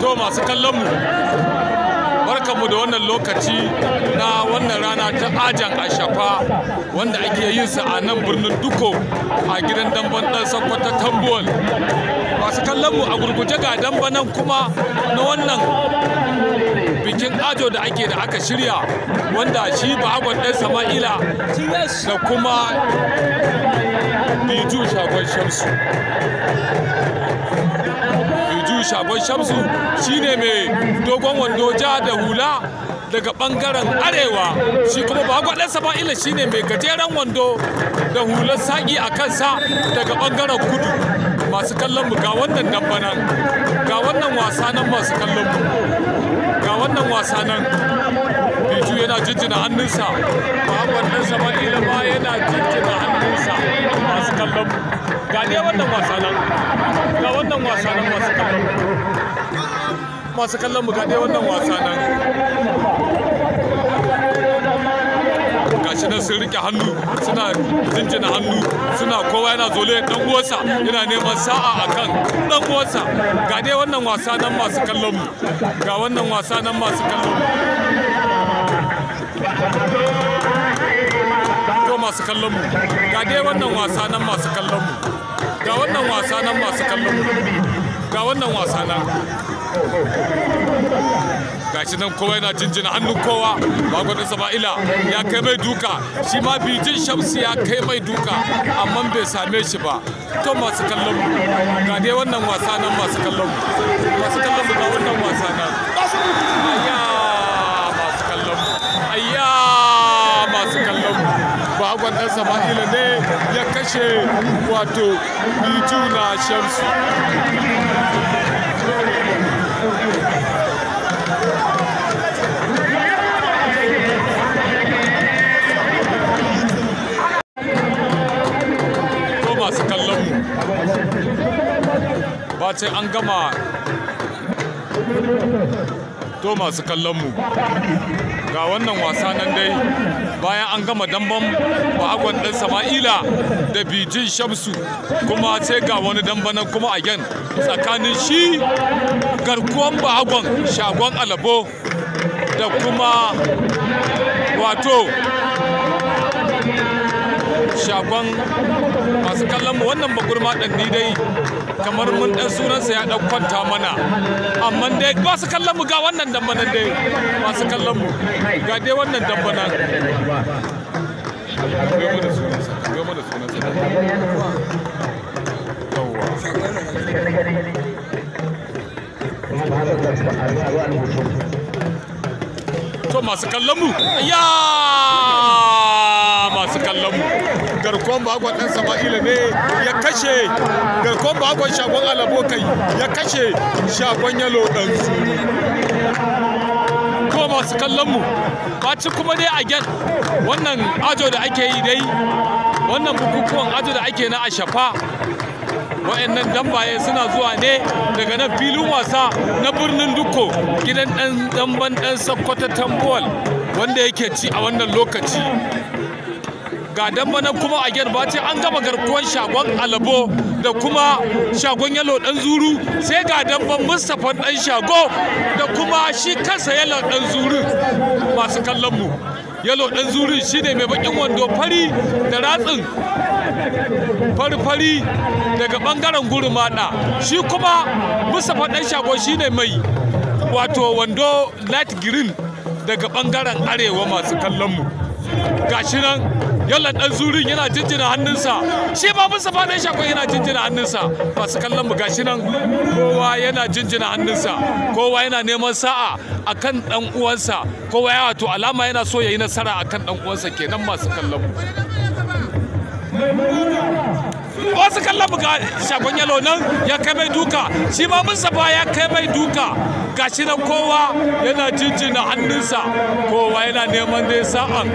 To masu kallon mu barkanmu da wannan lokaci na wannan rana ta ajan ashafa wanda ake yin sa a nan birnin Duko a gidan damban dan sakwata Tambuwal. Masu kallon mu a gurguje ga damba kuma na wannan bikin ajo da ake da aka shirya wanda shi ba agon dan Sama'ila da kuma Biju Shagon Shamsu. shamsu shagon shamsu shine mai dogon wando ja da hula daga bangaren arewa shi kuma bagwadan sama'ila shine mai gajeren wando da hular saƙi a kansa daga bangaren kudu masu kallon mu ga wannan nan ga wannan wasa nan masu kallon mu ga wannan wasa nan biju yana jinjina hannunsa bagwadan sama'ila ma yana jinjina hannunsa masu kallon mu ga dai wannan wasa nan ga wannan wasa nan masu kallon masu kallon mu ga dai wannan wasa nan gashi nan sun rike hannu suna jinjina hannu suna kowa yana zole dan uwarsa yana neman sa'a akan dan uwarsa ga dai wannan wasa nan masu kallon mu ga wannan wasa nan masu kallon mu to masu kallon mu ga dai wannan wasa nan masu kallon mu ga wannan wasa nan masu kallon ga wannan wasa nan shi nan kowa yana jinjina hannun kowa bagwadin sama'ila ya kai mai duka shi ma bijin shamsu ya kai mai duka amma bai same shi ba to masu kallon mu ga dai wannan wasa nan masu kallon mu masu kallon mu ga wannan wasa nan bagon ɗan sama'ila ne ya kashe wato biju na shamsu masu kallon mu an gama to masu kallon mu ga wannan wasa nan dai bayan an gama damban bahagon ɗan sama'ila da bijin shamsu kuma sai ga wani dambanan kuma a again tsakanin shi garkuwan bahagon shagon alabo da kuma wato shafan masu kallon mu wannan bagurma ɗan ni dai kamar mun ɗan sunansa ya ɗan kwanta mana amma dai masu kallon mu ga wannan dambanan dai masu kallon mu ga dai wannan nan to masu kallon mu ya masu kallon mu garkon bakon dan sama'ila ne ya kashe garkon bakon shagon alabo kai ya kashe shagon yalo dan su ko masu kallon mu baci kuma dai a gen wannan ajo da ake yi dai wannan bukukuwan ajo da ake na ashafa wa'annan dambaye suna zuwa ne daga nan filin wasa na birnin dukko gidan dan damban dan sakkwata tambol wanda yake ci a wannan lokaci ga dan kuma a gyar bace an gama garkuwar shagon alabo da kuma shagon yalo dan zuru sai ga damban mustapha dan shago da kuma shi kansa yalo dan zuru masu kallon mu yalo dan zuru shine mai bakin wando fari da ratsin farfari daga bangaren mada shi kuma mustapha dan shago shine mai wato wando light green daga bangaren arewa masu kallon mu gashi nan yalla dan zurin yana jinjina hannunsa shi ma Mustapha dan shagon yana jinjina hannunsa masu kallon mu gashi nan kowa yana jinjina hannunsa kowa yana neman sa'a akan dan uwansa kowa ya wato alama yana so yayi nasara akan dan uwansa kenan masu kallon mu wasu kallon buga shagon yalo nan ya kai mai duka shi ma mustapha ya kai mai duka ga shi nan kowa yana jinjina hannunsa kowa yana neman dai sa'an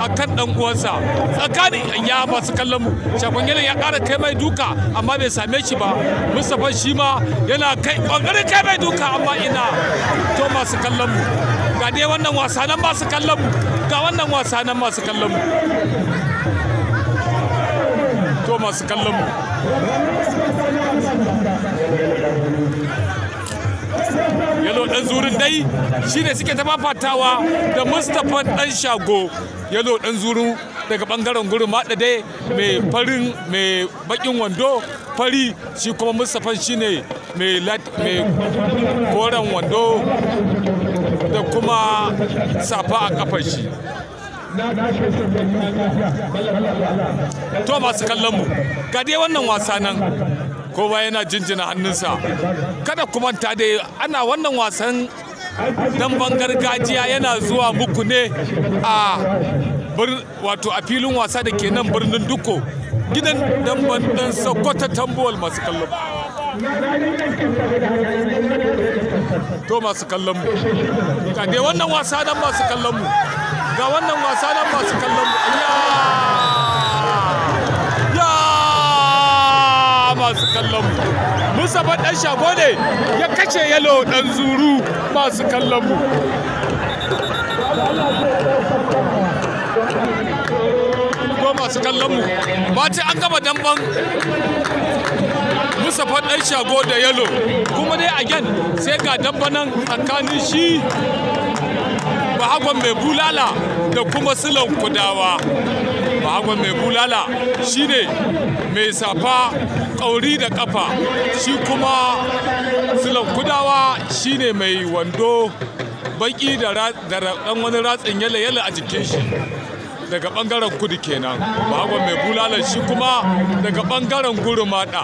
a kan dan uwansa tsakani ya masu kallon mu shagon yalo ya kara kai mai duka amma bai same shi ba mustapha shi ma yana kai ƙoƙarin kai mai duka amma ina to masu kallon mu ga dai wannan wasa nan masu kallon mu ga wannan wasa nan masu kallon mu to masu kallon mu yalo dan zurin dai shine suke ta fafatawa da mustapha dan shago yalo dan zuru daga bangaren gurin ma dai mai farin mai bakin wando fari shi kuma mustapha shine mai koren wando da kuma safa a kafar shi to masu kallon mu ga dai wannan wasa nan kowa yana jinjina hannunsa kada ku manta dai ana wannan wasan damban gargajiya yana zuwa muku ne a wato a filin wasa da ke nan birnin duko gidan damban dan sokoto tambuwal masu kallon to masu kallon mu ga dai wannan wasa dan masu kallon mu ga wannan wasa nan masu kallon ya ya masu kallon Mustapha dan shago ne ya kace yalo dan zuru masu kallon mu ko masu kallon mu ba ce an gama damban Mustapha dan shago da yalo kuma dai again sai ga damban nan tsakanin shi bahagon mai bulala da kuma silan kudawa mai bulala shine mai safa ƙauri da ƙafa shi kuma silan kudawa shine mai wando baki da ɗan wani ratsin yale-yale a jikin shi daga bangaren kudu kenan bagon mai bulalar shi kuma daga bangaren gurumada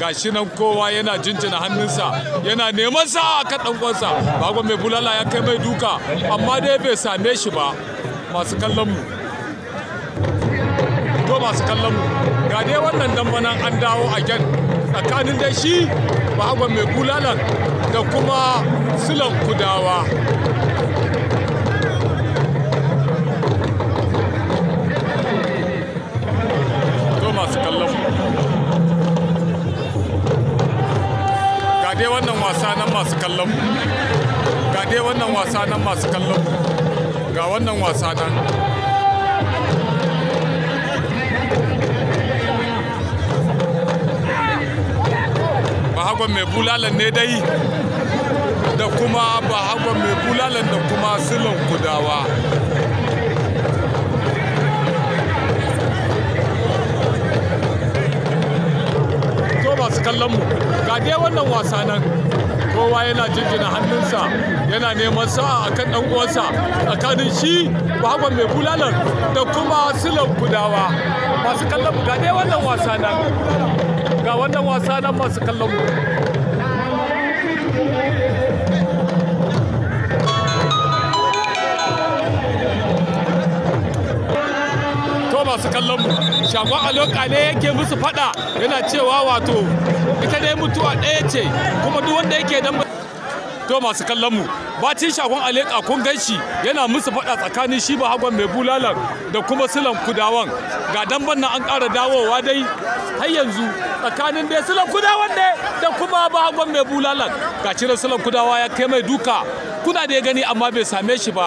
ga nan kowa yana jinjina hannunsa yana neman sa a kan ɗanƙonsa bagon mai bulala ya kai mai duka amma dai bai same shi ba masu kallon mu to masu kallon mu ga dai wannan dambanan an dawo a gen tsakanin da shi bagon mai bulalan da kuma silan kudawa wasa nan masu kallon ga wannan wasa nan bahagon mai bulalan ne dai da kuma bahagon mai bulalan da kuma silon kudawa to masu kallon mu ga dai wannan wasa nan kowa yana jinjina hannunsa yana neman sa'a akan dan uwansa tsakanin shi babban mai bulalar da kuma silan kudawa masu kallon mu ga dai wannan wasa nan ga wannan wasa nan masu kallon mu masu kallon mu shago aloka ne yake musu fada yana cewa wato ita dai mutuwa ɗaya ce kuma duk wanda yake dan to masu kallon mu bacin shagon aleka kun ganshi yana musu fada tsakanin shi ba hagon mai bulalar da kuma silan kudawan ga damban nan an ƙara dawowa dai har yanzu tsakanin dai silan kudawan ne da kuma ba hagon mai bulalar ga cire silan kudawa ya kai mai duka kuna da ya gani amma bai same shi ba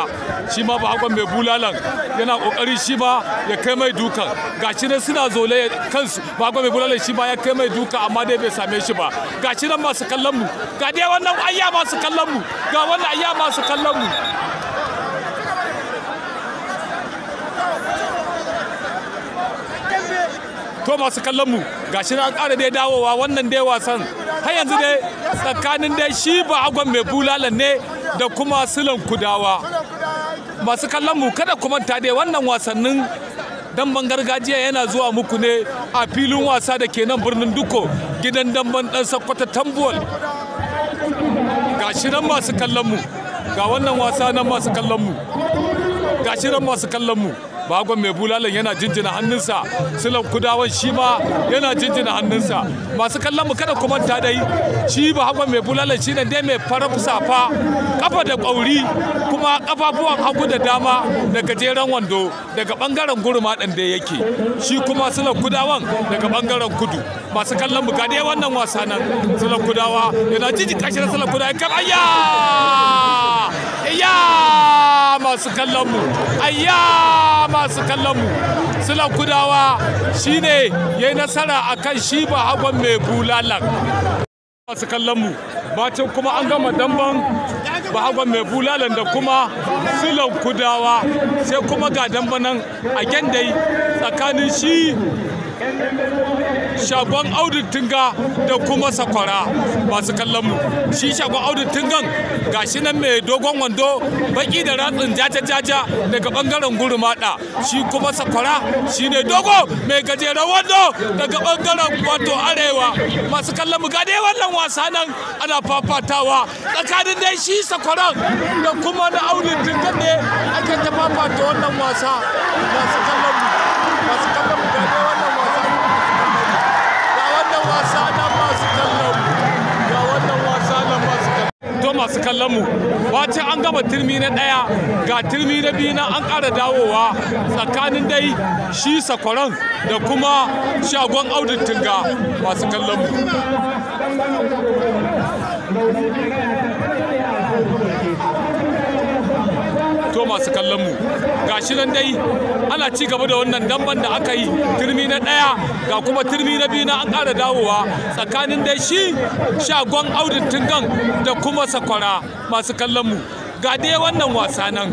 shi ma bakon mai bulalan yana kokari shi ba ya kai mai dukan gashi nan suna zole kansu ba bakon mai bulalan shi ba ya kai mai duka amma dai bai same shi ba gashi nan masu kallon mu ga dai wannan ayya masu kallon mu ga wannan ayya masu kallon mu to masu kallon mu gashi na ƙara dai dawowa wannan dai wasan har yanzu dai tsakanin dai shi ba agon mai bulalan ne da kuma silan kudawa masu kallon mu kada ku manta dai wannan wasannin damban gargajiya yana zuwa muku ne a filin wasa da ke nan birnin duko gidan damban dan sakkwata tambuwal shi nan masu kallon mu ga wannan wasa nan masu kallon mu shi nan masu kallon mu bagon mai bulalan yana jinjina hannunsa silan kudawan shi ma yana jinjina hannunsa masu kallon mu kada kuma ta dai shi hagon mai bulalan shi ne dai mai farar safa kafa da ƙauri kuma kafafuwan hagu da dama daga gajeren wando daga bangaren gurma ɗan da yake shi kuma silan kudawan daga bangaren kudu masu kallon mu gade wannan wasa nan silan kudawa yana jiji na silan kudawa kan ayya ayya masu kallon mu ayya masu kallon mu kudawa shine ya yi nasara akan shi ba hagon mai bulalan masu kallon mu bacin kuma an gama damban bahagon mai bulalan da kuma silan kudawa sai kuma ga damban nan a gendai tsakanin shi shagon audu tunga da kuma sakwara masu kallon mu shi shagon audu tungan gashi nan mai dogon wando baki da ratsin jaja-jaja daga bangaren gurumada shi kuma sakwara shi ne dogo mai gajeren wando daga bangaren wato arewa masu kallon mu dai wannan wasa nan ana fafatawa tsakanin dai shi sakwaran da kuma na audu tungan ne ake ta fafata wannan wasa masu kallon mu su kallon mu an gama turmi na ɗaya ga turmi na biyu na an ƙara dawowa tsakanin dai shi sakwaron da kuma shagon audin tunga masu kallon mu to masu kallon mu Ga shi nan dai ana ci gaba da wannan damban da aka yi turmi na ɗaya ga kuma turmi na biyu na an ƙara dawowa tsakanin dai shi shagon audin tungan da kuma sakwara masu kallon mu ga dai wannan wasa nan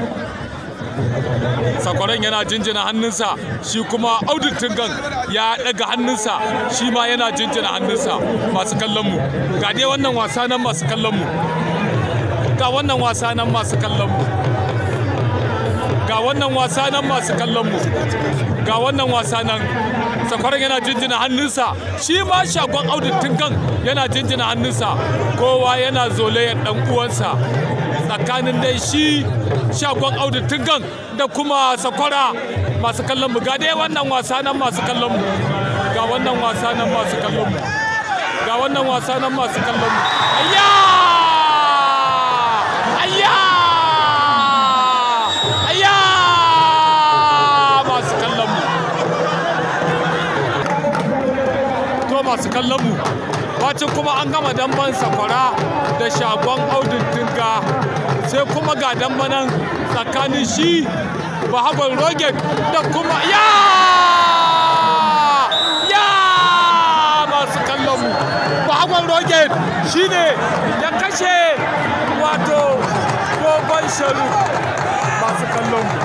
sakwaron yana jinjina hannunsa shi kuma audin tungan ya daga hannunsa shi ma yana jinjina hannunsa masu kallon mu ga dai wannan wasa nan masu kallon mu ga wannan wasa nan masu kallon mu ga wannan wasa nan masu kallon mu ga wannan wasa nan sakwaran yana jinjina hannunsa shi ma shagon audin tinkan yana jinjina hannunsa kowa yana zolayen dan uwansa tsakanin dai shi shagon audin tinkan da kuma sakwara masu kallon mu ga dai wannan wasa nan masu kallon mu ga wannan wasa nan masu kallon mu ga wannan wasa nan masu kallon mu ayya ayya masu kallon mu bacin kuma an gama damban safara da shagon audin dinga sai kuma ga dambanan tsakanin shi bahabar roget da kuma ya ya masu kallon mu bahabar roget shine ya kashe wato gogon sharu masu kallon mu